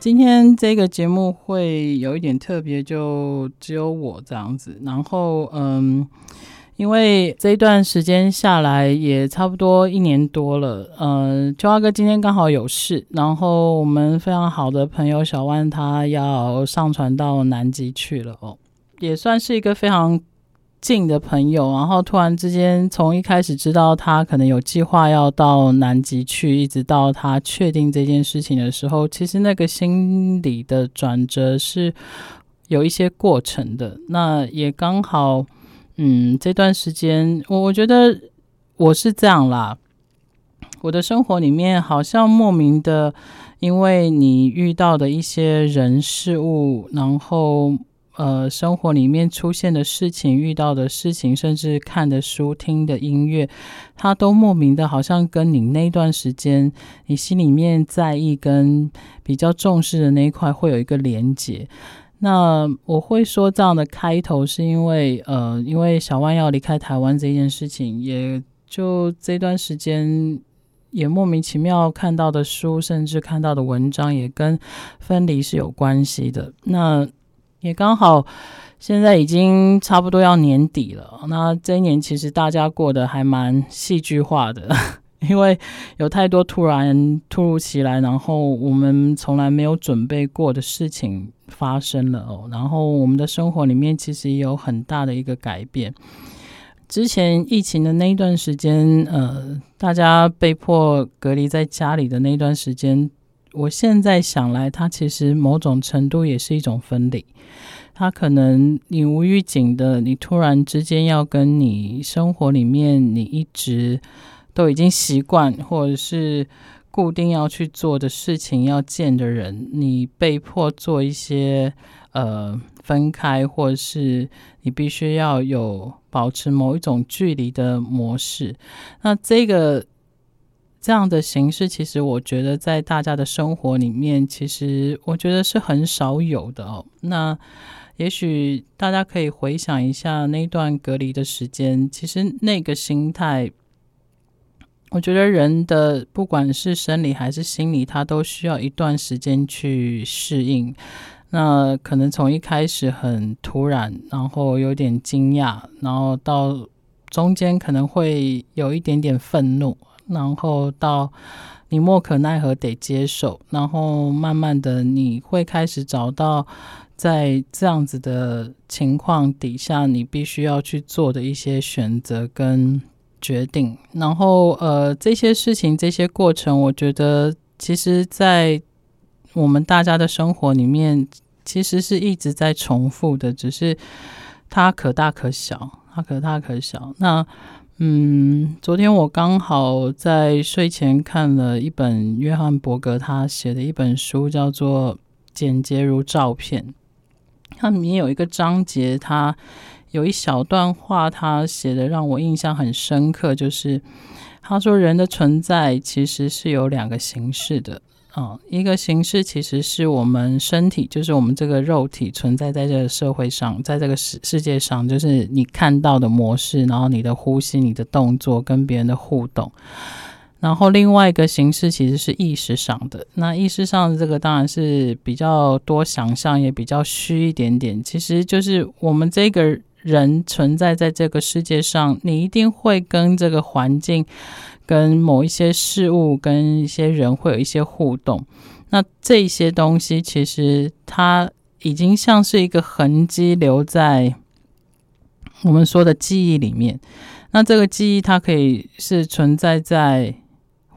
今天這個節目會有一點特別，就只有我這樣子。然後，嗯，因為這一段時間下來也差不多一年多了，嗯，秋花哥今天剛好有事，然後我們非常好的朋友小萬他要上船到南極去了哦，也算是一個非常。近的朋友，然後突然之間，從一開始知道他可能有計劃要到南極去，一直到他確定這件事情的時候，其實那個心理的轉折是有一些過程的。那也剛好，嗯，這段時間，我我覺得我是這樣啦。我的生活裡面好像莫名的，因為你遇到的一些人事物，然後。呃，生活裡面出現的事情、遇到的事情，甚至看的書、聽的音樂，它都莫名的，好像跟你那段時間，你心裡面在意跟比較重視的那一塊會有一個連接。那我會說這樣的開頭，是因為呃，因為小萬要離開台灣這件事情，也就這段時間也莫名其妙看到的書，甚至看到的文章，也跟分離是有關係的。那。也剛好，現在已經差不多要年底了。那這一年其實大家過得還蠻戲劇化的，因為有太多突然、突如其來，然後我們從來沒有準備過的事情發生了。哦，然後我們的生活裡面其實也有很大的一個改變。之前疫情的那一段時間，呃，大家被迫隔離在家裡的那一段時間。我現在想來，它其實某種程度也是一種分離。它可能你無預警的，你突然之間要跟你生活裡面你一直都已經習慣或者是固定要去做的事情、要見的人，你被迫做一些呃分開，或者是你必須要有保持某一種距離的模式。那這個。這樣的形式，其實我覺得在大家的生活裡面，其實我覺得是很少有的哦。那也許大家可以回想一下那段隔離的時間，其實那個心態，我覺得人的不管是生理還是心理，它都需要一段時間去適應。那可能從一開始很突然，然後有點驚訝，然後到中間可能會有一點點憤怒。然後到你莫可奈何得接受，然後慢慢的你會開始找到，在這樣子的情況底下，你必須要去做的一些選擇跟決定。然後呃，這些事情這些過程，我覺得其實，在我們大家的生活裡面，其實是一直在重複的，只是它可大可小，它可大可小。那。嗯，昨天我剛好在睡前看了一本約翰伯格他寫的一本書，叫做《簡潔如照片》。它裡面有一個章節，他有一小段話，他寫的讓我印象很深刻，就是他說人的存在其實是有兩個形式的。哦，一個形式其實是我們身體，就是我們這個肉體存在在這個社會上，在這個世世界上，就是你看到的模式，然後你的呼吸、你的動作跟別人的互動。然後另外一個形式其實是意識上的，那意識上的這個當然是比較多想象，也比較虛一點點。其實就是我們這個人存在在這個世界上，你一定會跟這個環境。跟某一些事物，跟一些人會有一些互動，那這些東西其實它已經像是一個痕跡留在我們說的記憶裡面。那這個記憶它可以是存在在。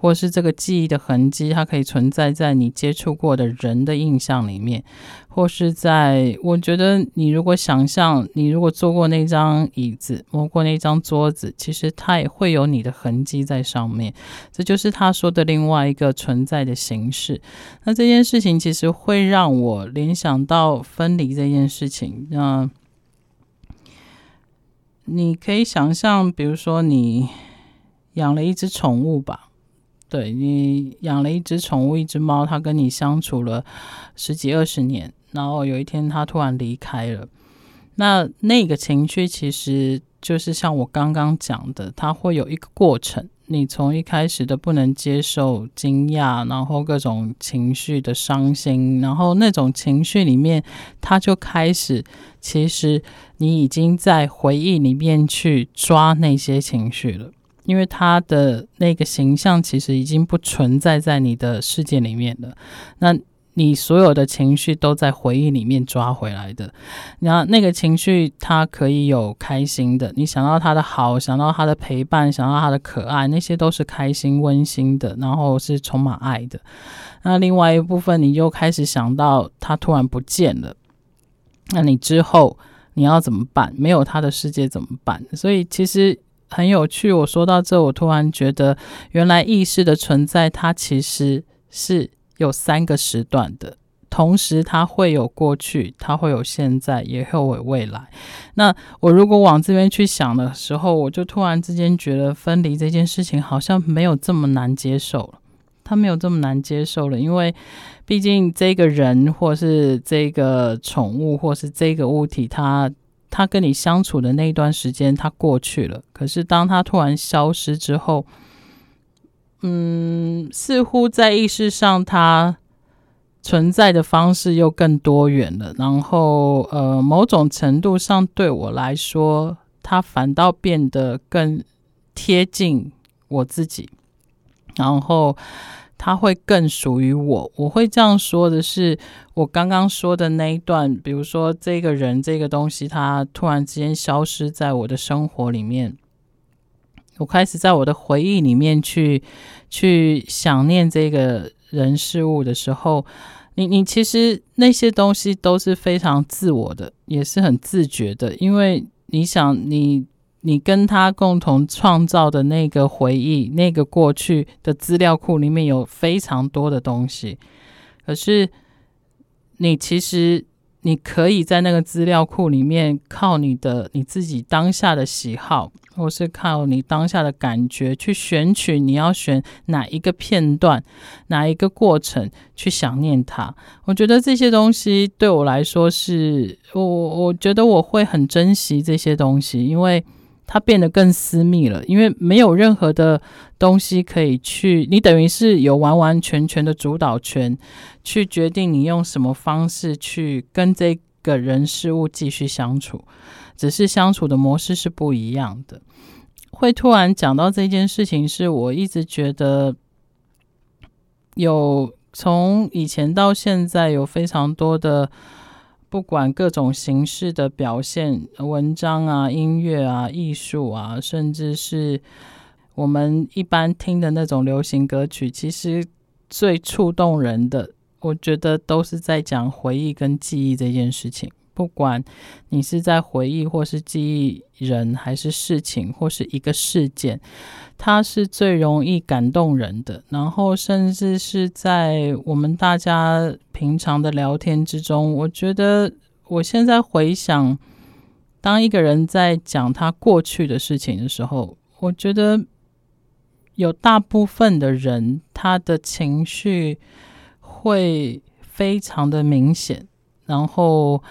或是這個記憶的痕跡，它可以存在在你接觸過的人的印象裡面，或是在我覺得你如果想象，你如果坐過那張椅子，摸過那張桌子，其實它也會有你的痕跡在上面。這就是他說的另外一個存在的形式。那這件事情其實會讓我聯想到分離這件事情。那你可以想象，比如說你養了一隻寵物吧。對，你養了一隻寵物，一隻貓，它跟你相處了十幾二十年，然後有一天它突然離開了，那那個情緒其實就是像我剛剛講的，它會有一個過程。你從一開始的不能接受、驚訝，然後各種情緒的傷心，然後那種情緒裡面，它就開始，其實你已經在回憶裡面去抓那些情緒了。因為他的那個形象其實已經不存在在你的世界裡面了，那你所有的情緒都在回憶裡面抓回來的。那那個情緒，它可以有開心的，你想到他的好，想到他的陪伴，想到他的可愛，那些都是開心、溫馨的，然後是充滿愛的。那另外一部分，你又開始想到他突然不見了，那你之後你要怎麼辦？沒有他的世界怎麼辦？所以其實。很有趣，我說到這，我突然覺得，原來意識的存在，它其實是有三個時段的。同時，它會有過去，它會有現在，也會有未來。那我如果往這邊去想的時候，我就突然之間覺得，分離這件事情好像沒有這麼難接受了。它沒有這麼難接受了，因為畢竟這個人，或是這個寵物，或是這個物體，它。他跟你相處的那一段時間，他過去了。可是當他突然消失之後，嗯，似乎在意識上，他存在的方式又更多元了。然後，呃，某種程度上，對我來說，他反倒變得更貼近我自己。然後。他會更屬於我，我會這樣說的是，我剛剛說的那一段，比如說這個人，這個東西，他突然之間消失在我的生活裡面，我開始在我的回憶裡面去去想念這個人事物的時候，你你其實那些東西都是非常自我的，也是很自覺的，因為你想你。你跟他共同創造的那個回憶、那個過去的資料庫裡面有非常多的東西，可是你其實你可以在那個資料庫裡面，靠你的你自己當下的喜好，或是靠你當下的感覺去選取你要選哪一個片段、哪一個過程去想念他。我覺得這些東西對我來說是，我我覺得我會很珍惜這些東西，因為。它變得更私密了，因為沒有任何的東西可以去，你等於是有完完全全的主導權，去決定你用什麼方式去跟這個人事物繼續相處，只是相處的模式是不一樣的。會突然講到這件事情，是我一直覺得有從以前到現在有非常多的。不管各種形式的表現，文章啊、音樂啊、藝術啊，甚至是我們一般聽的那種流行歌曲，其實最觸動人的，我覺得都是在講回憶跟記憶這件事情。不管你是在回憶或是記憶人，還是事情，或是一個事件，它是最容易感動人的。然後，甚至是在我們大家平常的聊天之中，我覺得我現在回想，當一個人在講他過去的事情的時候，我覺得有大部分的人，他的情緒會非常的明顯，然後。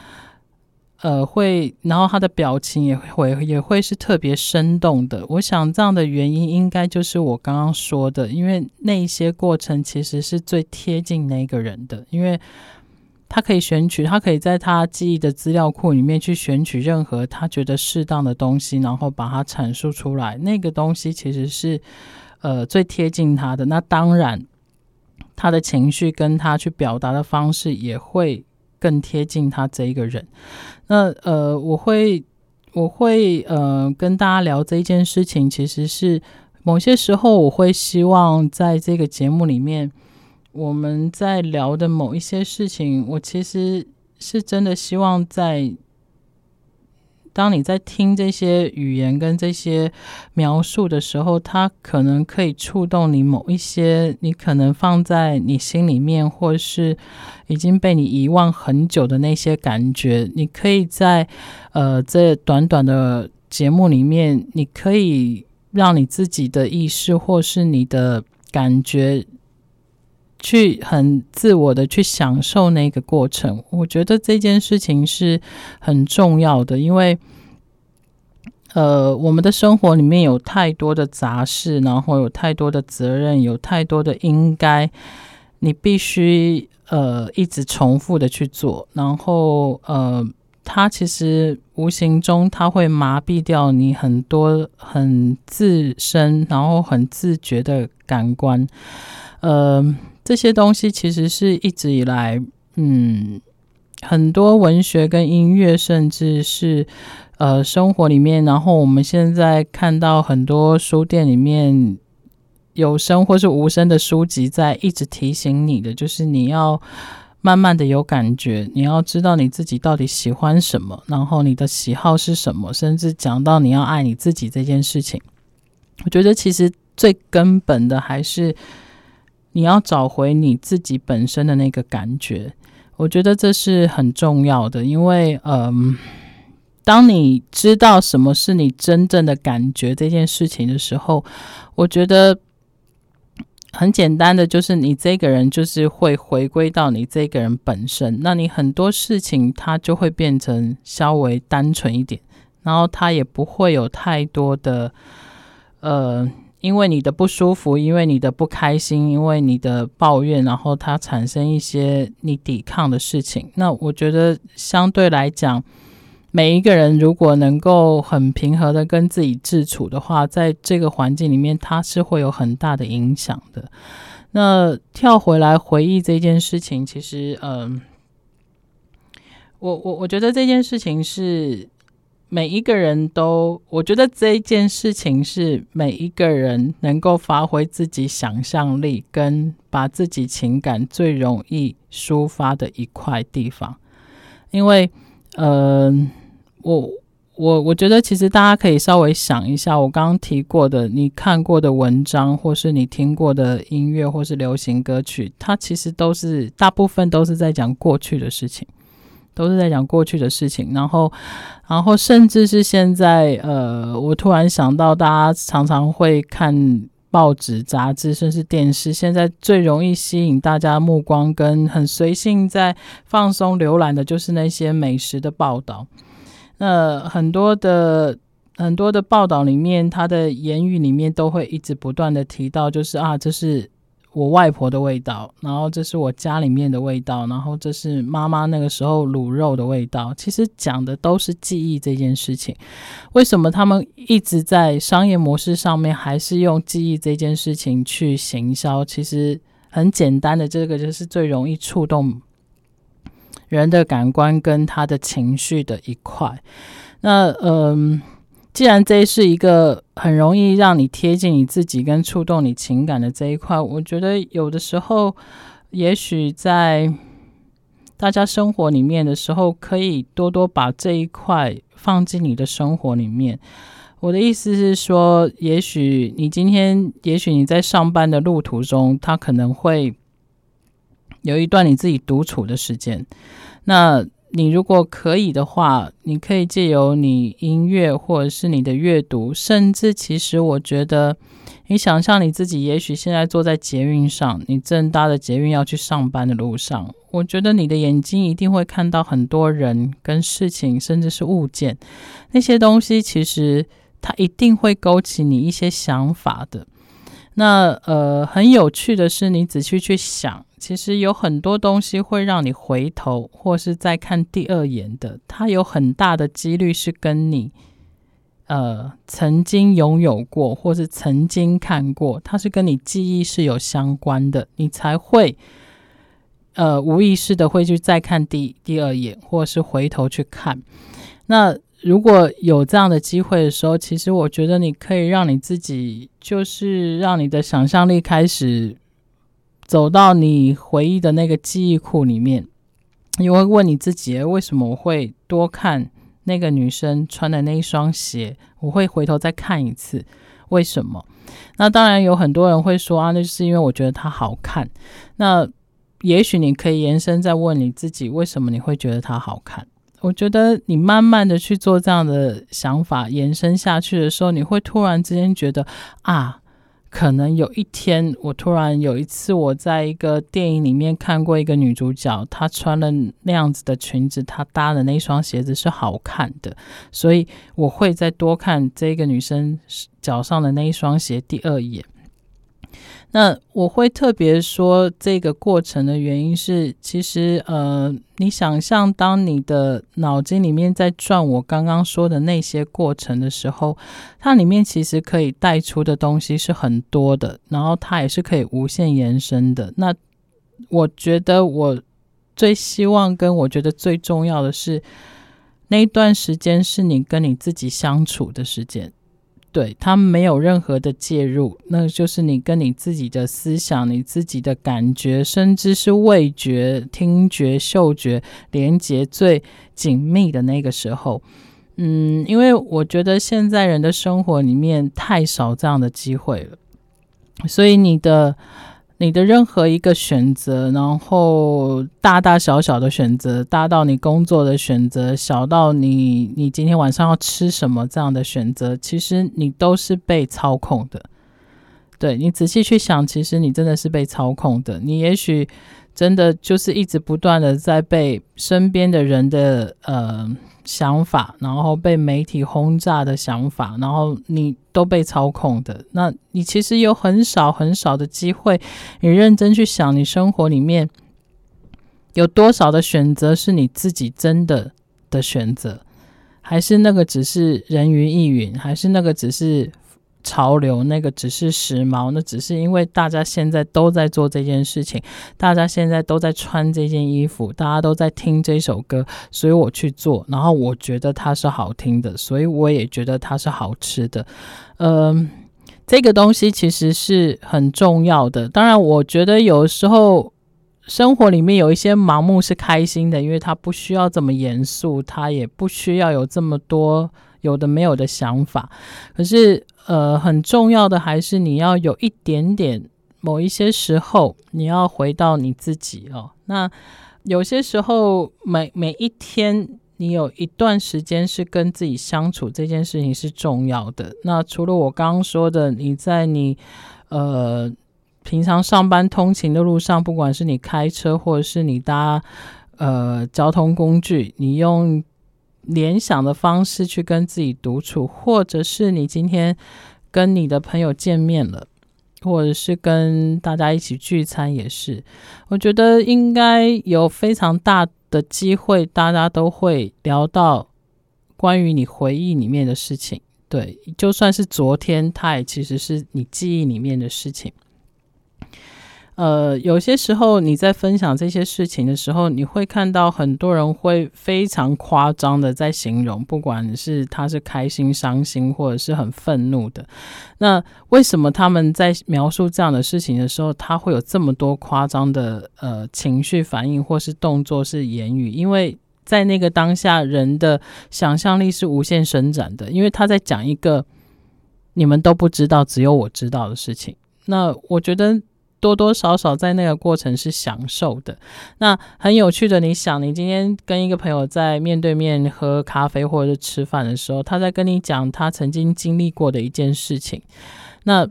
呃，會，然後他的表情也會也會是特別生動的。我想這樣的原因應該就是我剛剛說的，因為那些過程其實是最貼近那個人的，因為他可以選取，他可以在他記憶的資料庫裡面去選取任何他覺得適當的東西，然後把它闡述出來。那個東西其實是呃最貼近他的。那當然，他的情緒跟他去表達的方式也會。更貼近他這一個人。那呃，我會，我會呃，跟大家聊這一件事情，其實是某些時候，我會希望在這個節目裡面，我們在聊的某一些事情，我其實是真的希望在。當你在聽這些語言跟這些描述的時候，它可能可以觸動你某一些你可能放在你心裡面，或是已經被你遺忘很久的那些感覺。你可以在呃這短短的節目裡面，你可以讓你自己的意識或是你的感覺。去很自我的去享受那個過程，我覺得這件事情是很重要的，因為呃，我們的生活裡面有太多的雜事，然後有太多的責任，有太多的應該，你必須呃一直重複的去做，然後呃，它其實無形中它會麻痹掉你很多很自身，然後很自覺的感官，呃。這些東西其實是一直以來，嗯，很多文學跟音樂，甚至是，呃，生活裡面，然後我們現在看到很多書店裡面有聲或是無聲的書籍，在一直提醒你的，就是你要慢慢的有感覺，你要知道你自己到底喜歡什麼，然後你的喜好是什麼，甚至講到你要愛你自己這件事情，我覺得其實最根本的還是。你要找回你自己本身的那個感覺，我覺得這是很重要的。因為，嗯，當你知道什麼是你真正的感覺這件事情的時候，我覺得很簡單的，就是你這個人就是會回歸到你這個人本身。那你很多事情，它就會變成稍微單純一點，然後它也不會有太多的，呃。因為你的不舒服，因為你的不開心，因為你的抱怨，然後它產生一些你抵抗的事情。那我覺得相對來講，每一個人如果能夠很平和的跟自己自處的話，在這個環境裡面，它是會有很大的影響的。那跳回來回憶這件事情，其實，嗯、呃，我我我覺得這件事情是。每一個人都，我覺得這件事情是每一個人能夠發揮自己想象力跟把自己情感最容易抒發的一塊地方，因為，嗯、呃，我我我覺得其實大家可以稍微想一下，我剛剛提過的你看過的文章，或是你聽過的音樂，或是流行歌曲，它其實都是大部分都是在講過去的事情。都是在講過去的事情，然後，然後甚至是現在，呃，我突然想到，大家常常會看報紙、雜誌，甚至電視。現在最容易吸引大家目光，跟很隨性在放鬆瀏覽的，就是那些美食的報道。那很多的、很多的報道裡面，他的言語裡面都會一直不斷的提到，就是啊，這是。我外婆的味道，然後這是我家裡面的味道，然後這是媽媽那個時候滷肉的味道。其實講的都是記憶這件事情。為什麼他們一直在商業模式上面還是用記憶這件事情去行銷？其實很簡單的，這個就是最容易觸動人的感官跟他的情緒的一塊。那嗯。呃既然這是一個很容易讓你貼近你自己跟觸動你情感的這一塊，我覺得有的時候，也許在大家生活裡面的時候，可以多多把這一塊放進你的生活裡面。我的意思是說，也許你今天，也許你在上班的路途中，他可能會有一段你自己獨處的時間，那。你如果可以的話，你可以借由你音樂或者是你的閱讀，甚至其實我覺得，你想象你自己也許現在坐在捷運上，你正搭着捷運要去上班的路上，我覺得你的眼睛一定會看到很多人跟事情，甚至是物件，那些東西其實它一定會勾起你一些想法的。那呃，很有趣的是，你仔細去想，其實有很多東西會讓你回頭，或是再看第二眼的。它有很大的幾率是跟你呃曾經擁有過，或是曾經看過，它是跟你記憶是有相關的，你才會呃無意識的會去再看第第二眼，或是回頭去看。那如果有這樣的機會的時候，其實我覺得你可以讓你自己，就是讓你的想象力開始走到你回憶的那個記憶庫裡面。你會問你自己：為什麼我會多看那個女生穿的那一雙鞋？我會回頭再看一次，為什麼？那當然有很多人會說啊，那就是因為我覺得它好看。那也許你可以延伸再問你自己：為什麼你會覺得它好看？我覺得你慢慢的去做這樣的想法延伸下去的時候，你會突然之間覺得啊，可能有一天我突然有一次我在一個電影裡面看過一個女主角，她穿了那樣子的裙子，她搭的那雙鞋子是好看的，所以我會再多看這個女生腳上的那一雙鞋第二眼。那我會特別說這個過程的原因是，其實呃，你想象當你的腦筋裡面在轉我剛剛說的那些過程的時候，它裡面其實可以帶出的東西是很多的，然後它也是可以無限延伸的。那我覺得我最希望跟我覺得最重要的是，那一段時間是你跟你自己相處的時間。對他沒有任何的介入，那就是你跟你自己的思想、你自己的感覺，甚至是味覺、聽覺、嗅覺連接最緊密的那個時候。嗯，因為我覺得現在人的生活裡面太少這樣的機會了，所以你的。你的任何一個選擇，然後大大小小的選擇，大到你工作的選擇，小到你你今天晚上要吃什麼這樣的選擇，其實你都是被操控的。對，你仔細去想，其實你真的是被操控的。你也許真的就是一直不斷的在被身邊的人的，呃。想法，然後被媒體轟炸的想法，然後你都被操控的，那你其實有很少很少的機會，你認真去想，你生活裡面有多少的選擇是你自己真的的選擇，還是那個只是人云亦云，還是那個只是潮流，那個只是時髦，那只是因為大家現在都在做這件事情，大家現在都在穿這件衣服，大家都在聽這首歌，所以我去做，然後我覺得它是好聽的，所以我也覺得它是好吃的。嗯、呃，這個東西其實是很重要的。當然，我覺得有時候生活裡面有一些盲目是開心的，因為它不需要這麼嚴肅，它也不需要有這麼多有的沒有的想法。可是。呃，很重要的還是你要有一點點，某一些時候你要回到你自己哦。那有些時候每，每每一天，你有一段時間是跟自己相處，這件事情是重要的。那除了我剛剛說的，你在你呃平常上班通勤的路上，不管是你開車或者是你搭呃交通工具，你用。聯想的方式去跟自己獨處，或者是你今天跟你的朋友見面了，或者是跟大家一起聚餐也是，我覺得應該有非常大的機會，大家都會聊到關於你回憶裡面的事情。對，就算是昨天，它也其實是你記憶裡面的事情。呃，有些時候你在分享這些事情的時候，你會看到很多人會非常誇張的在形容，不管是他是開心、傷心，或者是很憤怒的。那為什麼他們在描述這樣的事情的時候，他會有這麼多誇張的呃情緒反應，或是動作，是言語？因為在那個當下，人的想象力是無限伸展的，因為他在講一個你們都不知道，只有我知道的事情。那我覺得。多多少少在那個過程是享受的。那很有趣的，你想，你今天跟一個朋友在面對面喝咖啡或者吃飯的時候，他在跟你講他曾經經歷過的一件事情，那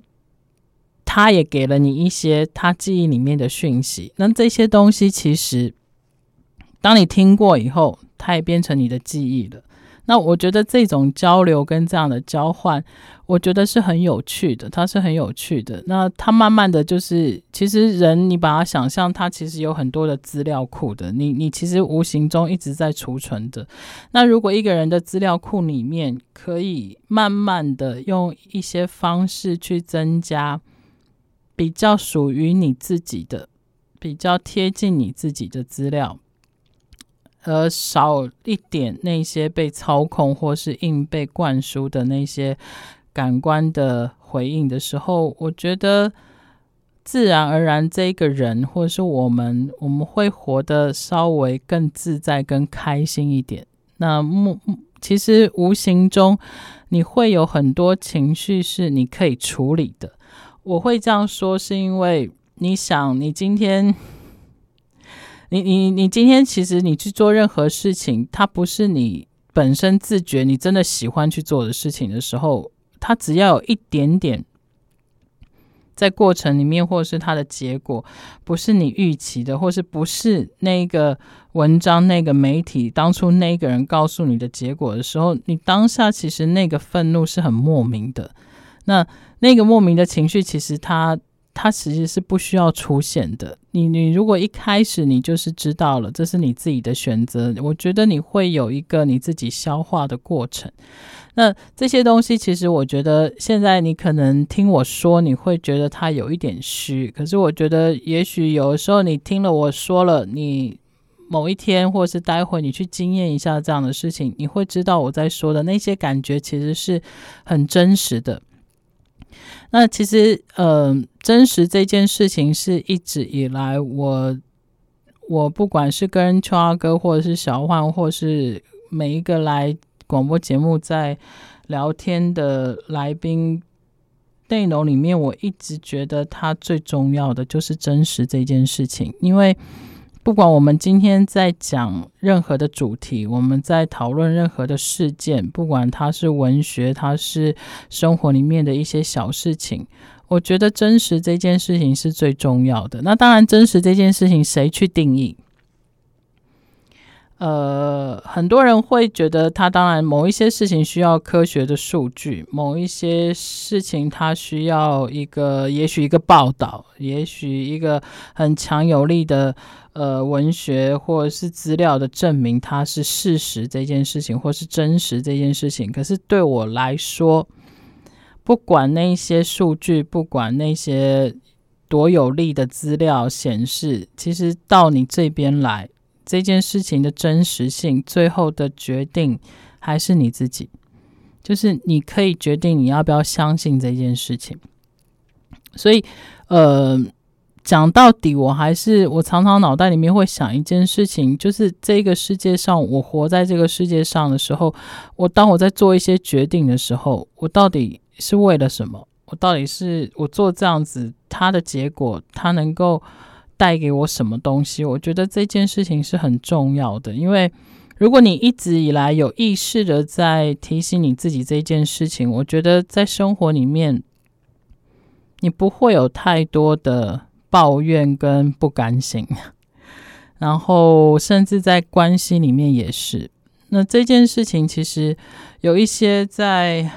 他也給了你一些他記憶裡面的訊息。那這些東西其實，當你聽過以後，它也變成你的記憶了。那我覺得這種交流跟這樣的交換，我覺得是很有趣的，它是很有趣的。那它慢慢的就是，其實人你把它想象，它其實有很多的資料庫的，你你其實無形中一直在儲存的。那如果一個人的資料庫裡面，可以慢慢的用一些方式去增加，比較屬於你自己的，比較貼近你自己的資料。而少一點那些被操控或是硬被灌輸的那些感官的回應的時候，我覺得自然而然，這個人或者是我們，我們會活得稍微更自在跟開心一點。那其實無形中你會有很多情緒是你可以處理的。我會這樣說，是因為你想，你今天。你你你今天其實你去做任何事情，它不是你本身自覺你真的喜歡去做的事情的時候，它只要有一點點在過程裡面，或是它的結果不是你預期的，或是不是那個文章，那個媒體當初那個人告訴你的結果的時候，你當下其實那個憤怒是很莫名的。那那個莫名的情緒，其實它。它其實是不需要出現的。你你如果一開始你就是知道了，這是你自己的選擇，我覺得你會有一個你自己消化的過程。那這些東西，其實我覺得現在你可能聽我說，你會覺得它有一點虛。可是我覺得，也許有時候你聽了我說了，你某一天或者是待會你去經驗一下這樣的事情，你會知道我在說的那些感覺其實是很真實的。那其實，嗯、呃，真實這件事情是一直以來我我不管是跟秋阿哥，或者是小煥，或是每一個來廣播節目在聊天的來賓，內容裡面，我一直覺得他最重要的就是真實這件事情，因為。不管我們今天在講任何的主題，我們在討論任何的事件，不管它是文學，它是生活裡面的一些小事情，我覺得真實這件事情是最重要的。那當然，真實這件事情誰去定義？呃，很多人會覺得，他當然某一些事情需要科學的數據，某一些事情它需要一個，也許一個報道，也許一個很強有力的。呃，文學或者是資料的證明，它是事實這件事情，或是真實這件事情。可是對我來說，不管那些數據，不管那些多有力的資料顯示，其實到你這邊來，這件事情的真實性，最後的決定還是你自己。就是你可以決定你要不要相信這件事情。所以，呃。講到底我，我還是我常常腦袋裡面會想一件事情，就是這個世界上，我活在這個世界上的時候，我當我在做一些決定的時候，我到底是為了什麼？我到底是我做這樣子，它的結果，它能夠帶給我什麼東西？我覺得這件事情是很重要的，因為如果你一直以來有意識地在提醒你自己這件事情，我覺得在生活裡面，你不會有太多的。抱怨跟不甘心，然後甚至在關係裡面也是。那這件事情其實有一些在，在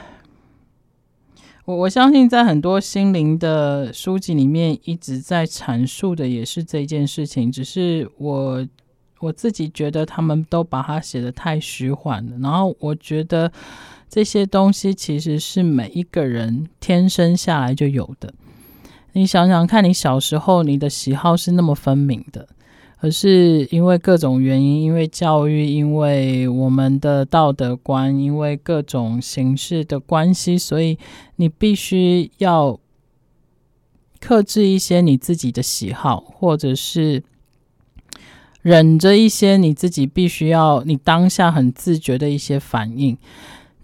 我我相信，在很多心靈的書籍裡面一直在闡述的也是這件事情。只是我我自己覺得他們都把它寫得太虛幻了。然後我覺得這些東西其實是每一個人天生下來就有的。你想想看，你小時候你的喜好是那麼分明的，而是因為各種原因，因為教育，因為我們的道德觀，因為各種形式的關係，所以你必須要克制一些你自己的喜好，或者是忍着一些你自己必須要、你當下很自覺的一些反應。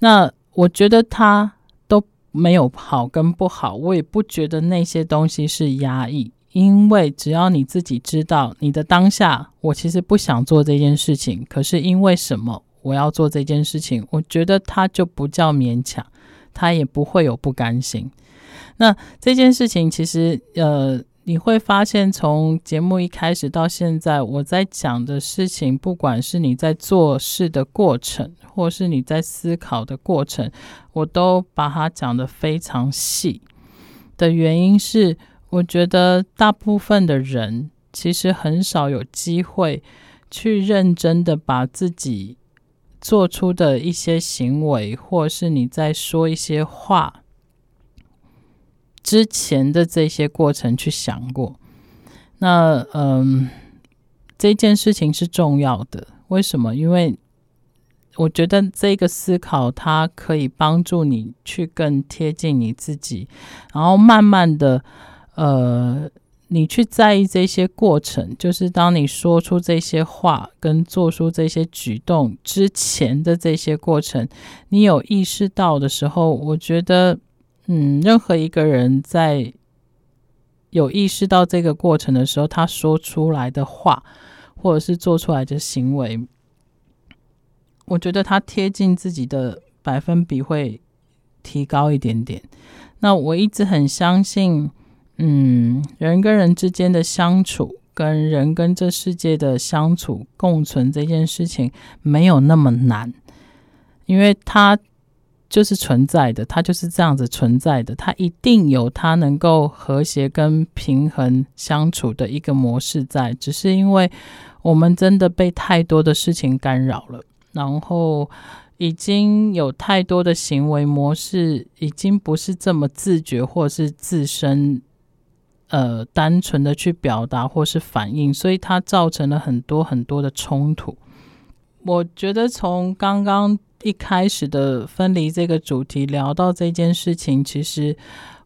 那我覺得他。沒有好跟不好，我也不覺得那些東西是壓抑，因為只要你自己知道你的當下，我其實不想做這件事情，可是因為什麼我要做這件事情？我覺得它就不叫勉強，它也不會有不甘心。那這件事情其實，呃。你會發現，從節目一開始到現在，我在講的事情，不管是你在做事的過程，或是你在思考的過程，我都把它講得非常細。的原因是，我覺得大部分的人其實很少有機會去認真的把自己做出的一些行為，或是你在說一些話。之前的這些過程去想過，那嗯、呃，這件事情是重要的。為什麼？因為我覺得這個思考它可以幫助你去更貼近你自己，然後慢慢的，呃，你去在意這些過程。就是當你說出這些話跟做出這些舉動之前的這些過程，你有意識到的時候，我覺得。嗯，任何一個人在有意識到這個過程的時候，他說出來的話，或者是做出來的行為，我覺得他貼近自己的百分比會提高一點點。那我一直很相信，嗯，人跟人之間的相處，跟人跟這世界的相處共存這件事情沒有那麼難，因為他。就是存在的，它就是這樣子存在的，它一定有它能夠和諧跟平衡相處的一個模式在，只是因為我們真的被太多的事情干擾了，然後已經有太多的行為模式，已經不是這麼自覺或是自身呃單純的去表達或是反應，所以它造成了很多很多的衝突。我覺得從剛剛。一開始的分離這個主題聊到這件事情，其實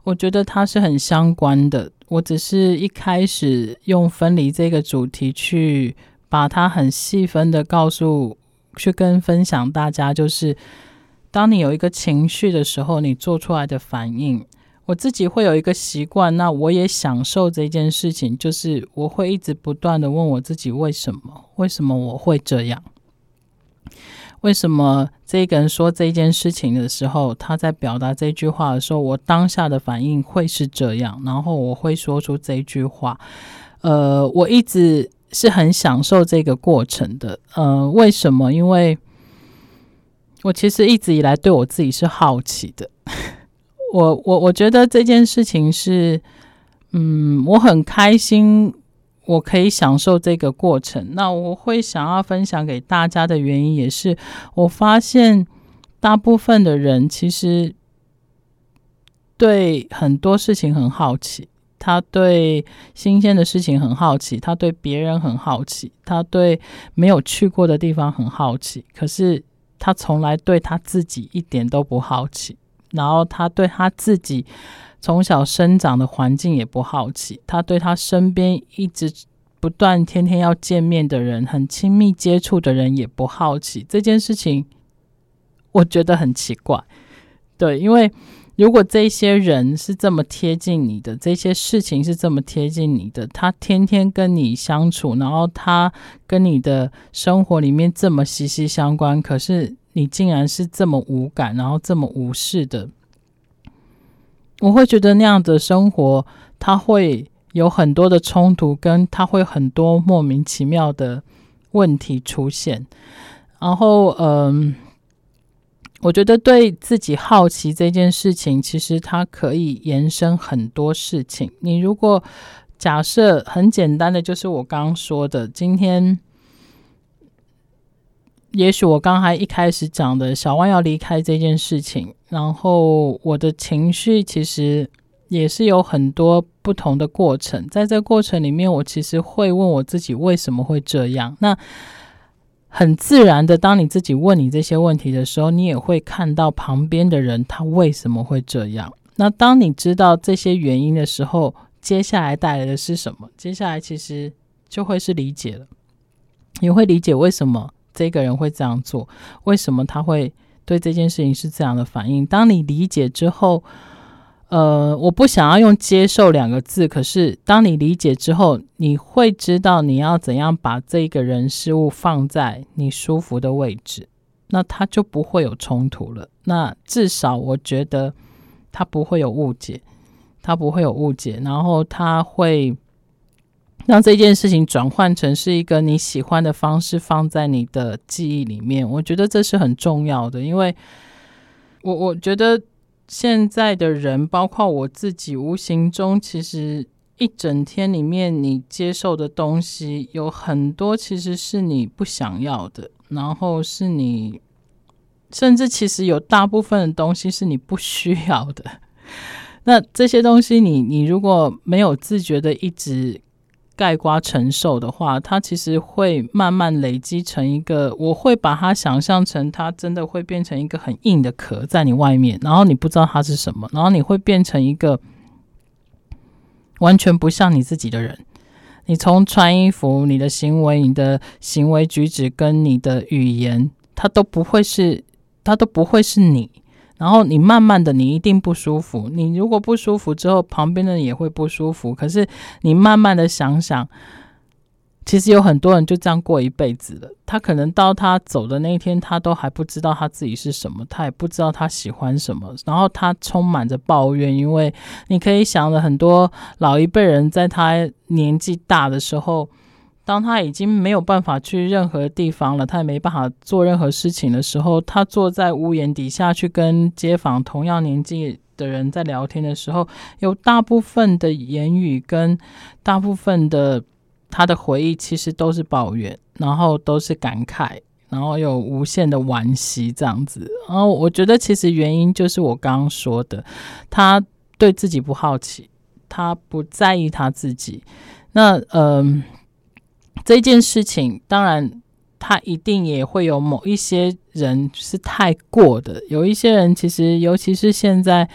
我覺得它是很相關的。我只是一開始用分離這個主題去把它很細分的告訴，去跟分享大家，就是當你有一個情緒的時候，你做出來的反應。我自己會有一個習慣，那我也享受這件事情，就是我會一直不斷的問我自己，為什麼？為什麼我會這樣？為什麼這個人說這件事情的時候，他在表達這句話的時候，我當下的反應會是這樣，然後我會說出這句話。呃，我一直是很享受這個過程的。呃，為什麼？因爲我其實一直以來對我自己是好奇的。我我我覺得這件事情是，嗯，我很開心。我可以享受這個過程。那我會想要分享給大家的原因，也是我發現大部分的人其實對很多事情很好奇，他對新鮮的事情很好奇，他對別人很好奇，他對沒有去過的地方很好奇。可是他從來對他自己一點都不好奇，然後他對他自己。從小生長的環境也不好奇，他對他身邊一直不斷、天天要見面的人，很親密接觸的人也不好奇，這件事情我覺得很奇怪。對，因為如果這些人是這麼貼近你的，這些事情是這麼貼近你的，他天天跟你相處，然後他跟你的生活裡面這麼息息相關，可是你竟然是這麼無感，然後這麼無視的。我會覺得那樣的生活，他會有很多的衝突，跟他會很多莫名其妙的問題出現。然後，嗯，我覺得對自己好奇這件事情，其實它可以延伸很多事情。你如果假設很簡單的，就是我剛剛說的，今天。也許我剛才一開始講的小萬要離開這件事情，然後我的情緒其實也是有很多不同的過程。在這過程裡面，我其實會問我自己為什麼會這樣。那很自然的，當你自己問你這些問題的時候，你也會看到旁邊的人他為什麼會這樣。那當你知道這些原因的時候，接下來帶來的是什麼？接下來其實就會是理解了，你會理解為什麼。這個人會這樣做，為什麼他會對這件事情是這樣的反應？當你理解之後，呃，我不想要用“接受”兩個字，可是當你理解之後，你會知道你要怎樣把這個人事物放在你舒服的位置，那他就不會有衝突了。那至少我覺得他不會有誤解，他不會有誤解，然後他會。讓這件事情轉換成是一個你喜歡的方式，放在你的記憶裡面。我覺得這是很重要的，因為我我覺得現在的人，包括我自己，無形中其實一整天裡面，你接受的東西有很多，其實是你不想要的，然後是你甚至其實有大部分的東西是你不需要的。那這些東西你，你你如果沒有自覺的一直。概括承受的話，它其實會慢慢累積成一個。我會把它想象成，它真的會變成一個很硬的殼在你外面，然後你不知道它是什麼，然後你會變成一個完全不像你自己的人。你從穿衣服、你的行為、你的行為舉止跟你的語言，它都不會是，它都不會是你。然後你慢慢的，你一定不舒服。你如果不舒服之後，旁邊的人也會不舒服。可是你慢慢的想想，其實有很多人就這樣過一輩子的。他可能到他走的那一天，他都還不知道他自己是什麼，他也不知道他喜歡什麼，然後他充滿着抱怨。因為你可以想的很多老一輩人在他年紀大的時候。當他已經沒有辦法去任何地方了，他也沒辦法做任何事情的時候，他坐在屋檐底下去跟街坊同樣年紀的人在聊天的時候，有大部分的言語跟大部分的他的回憶，其實都是抱怨，然後都是感慨，然後有無限的惋惜這樣子。然後我覺得，其實原因就是我剛剛說的，他對自己不好奇，他不在意他自己。那嗯。呃這件事情，當然，他一定也會有某一些人是太過的，有一些人其實，尤其是現在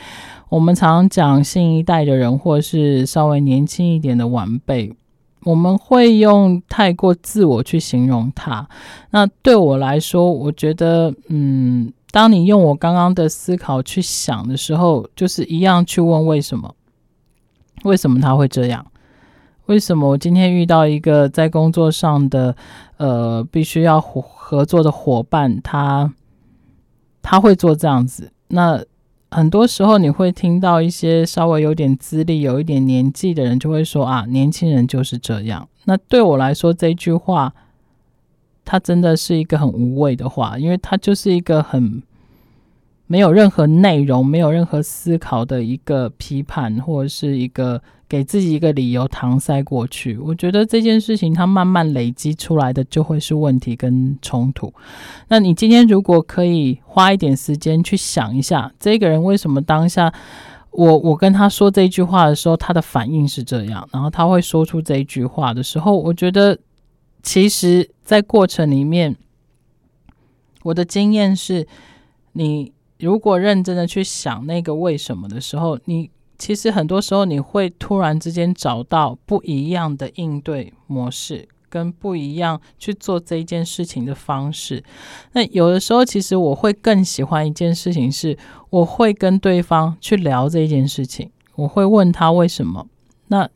我們常講新一代的人，或是稍微年輕一點的晚輩，我們會用太過自我去形容他。那對我來說，我覺得，嗯，當你用我剛剛的思考去想的時候，就是一樣去問為什麼，為什麼他會這樣？為什麼我今天遇到一個在工作上的，呃，必須要合作的夥伴，他他會做這樣子？那很多時候你會聽到一些稍微有點資歷、有一點年紀的人就會說：“啊，年輕人就是這樣。”那對我來說，這句話，他真的是一個很無謂的話，因為他就是一個很沒有任何內容、沒有任何思考的一個批判，或者是一個。給自己一個理由搪塞過去，我覺得這件事情它慢慢累積出來的就會是問題跟衝突。那你今天如果可以花一點時間去想一下，這個人為什麼當下我我跟他說這句話的時候，他的反應是這樣，然後他會說出這句話的時候，我覺得其實在過程裡面，我的經驗是，你如果認真的去想那個為什麼的時候，你。其實很多時候，你會突然之間找到不一樣的應對模式，跟不一樣去做這件事情的方式。那有的時候，其實我會更喜歡一件事情是，是我會跟對方去聊這件事情，我會問他為什麼。那。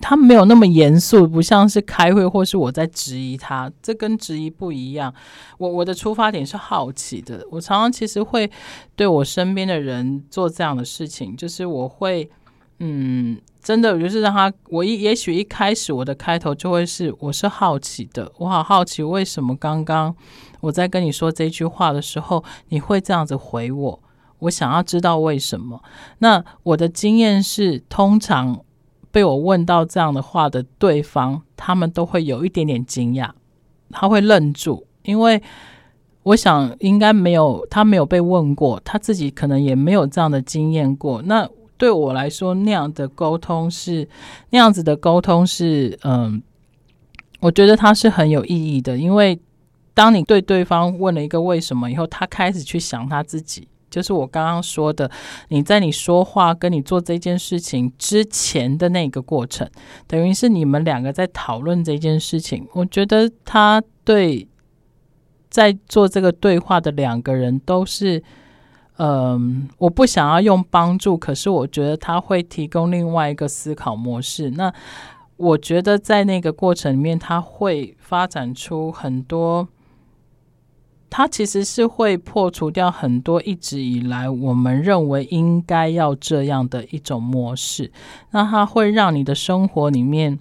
他沒有那麼嚴肅，不像是開會，或是我在質疑他，這跟質疑不一樣。我我的出發點是好奇的，我常常其實會對我身邊的人做這樣的事情，就是我會，嗯，真的我就是讓他，我一也許一開始我的開頭就會是，我是好奇的，我好好奇為什麼剛剛我在跟你說這句話的時候，你會這樣子回我，我想要知道為什麼。那我的經驗是，通常。被我問到這樣的話的對方，他們都會有一點點驚訝，他會愣住，因為我想應該沒有他沒有被問過，他自己可能也沒有這樣的經驗過。那對我來說，那樣的溝通是那樣子的溝通是，嗯、呃，我覺得他是很有意義的，因為當你對對方問了一個為什麼以後，他開始去想他自己。就是我剛剛說的，你在你說話跟你做這件事情之前的那個過程，等於是你們兩個在討論這件事情。我覺得他對在做這個對話的兩個人都是，嗯、呃，我不想要用幫助，可是我覺得他會提供另外一個思考模式。那我覺得在那個過程裡面，他會發展出很多。它其實是會破除掉很多一直以來我們認為應該要這樣的一種模式，那它會讓你的生活裡面，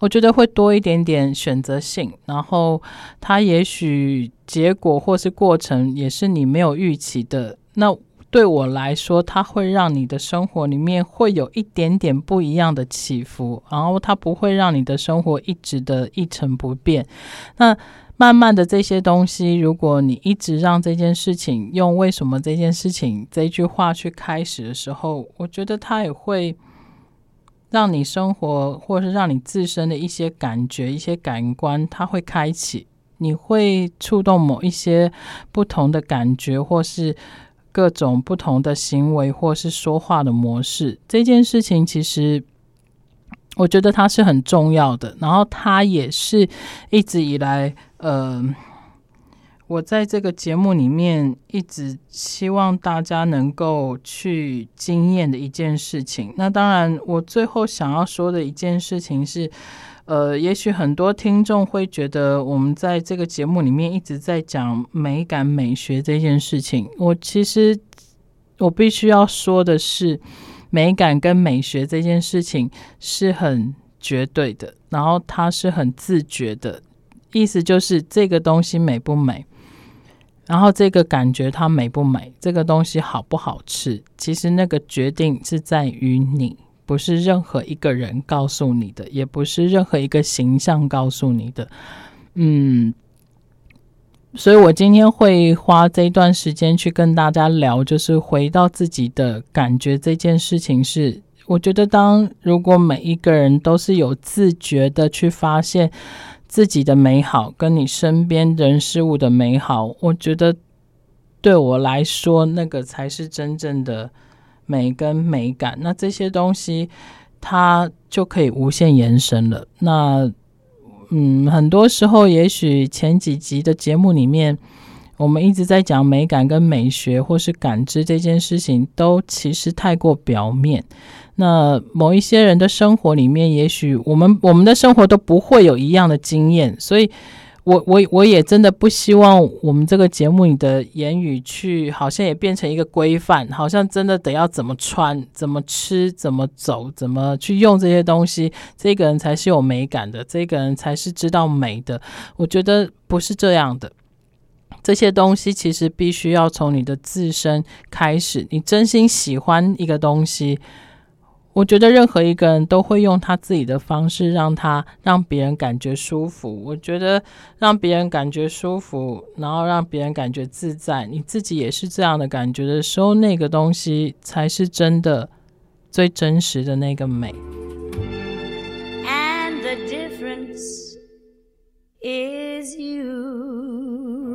我覺得會多一點點選擇性，然後它也許結果或是過程也是你沒有預期的，那。對我來說，它會讓你的生活裡面會有一點點不一樣的起伏，然後它不會讓你的生活一直的一成不變。那慢慢的這些東西，如果你一直讓這件事情用“為什麼這件事情”這句話去開始的時候，我覺得它也會讓你生活，或是讓你自身的一些感覺、一些感官，它會開啟，你會觸動某一些不同的感覺，或是。各種不同的行為或是說話的模式，這件事情其實我覺得它是很重要的。然後它也是一直以來，呃，我在這個節目裡面一直希望大家能夠去經驗的一件事情。那當然，我最後想要說的一件事情是。呃，也許很多聽眾會覺得，我們在這個節目裡面一直在講美感美學這件事情。我其實我必須要說的是，美感跟美學這件事情是很絕對的，然後它是很自覺的，意思就是這個東西美不美，然後這個感覺它美不美，這個東西好不好吃，其實那個決定是在於你。不是任何一個人告訴你的，也不是任何一個形象告訴你的，嗯，所以我今天會花這段時間去跟大家聊，就是回到自己的感覺這件事情是。是我覺得，當如果每一個人都是有自覺的去發現自己的美好，跟你身邊人事物的美好，我覺得對我來說，那個才是真正的。美跟美感，那這些東西，它就可以無限延伸了。那嗯，很多時候，也許前幾集的節目裡面，我們一直在講美感跟美學，或是感知這件事情，都其實太過表面。那某一些人的生活裡面，也許我們我們的生活都不會有一樣的經驗，所以。我我我也真的不希望我們這個節目你的言語去好像也變成一個規範，好像真的得要怎麼穿、怎麼吃、怎麼走、怎麼去用這些東西，這個人才是有美感的，這個人才是知道美的。我覺得不是這樣的，這些東西其實必須要從你的自身開始，你真心喜歡一個東西。我覺得任何一個人都會用他自己的方式讓他讓別人感覺舒服。我覺得讓別人感覺舒服，然後讓別人感覺自在，你自己也是這樣的感覺的時候，那個東西才是真的最真實的那個美。And the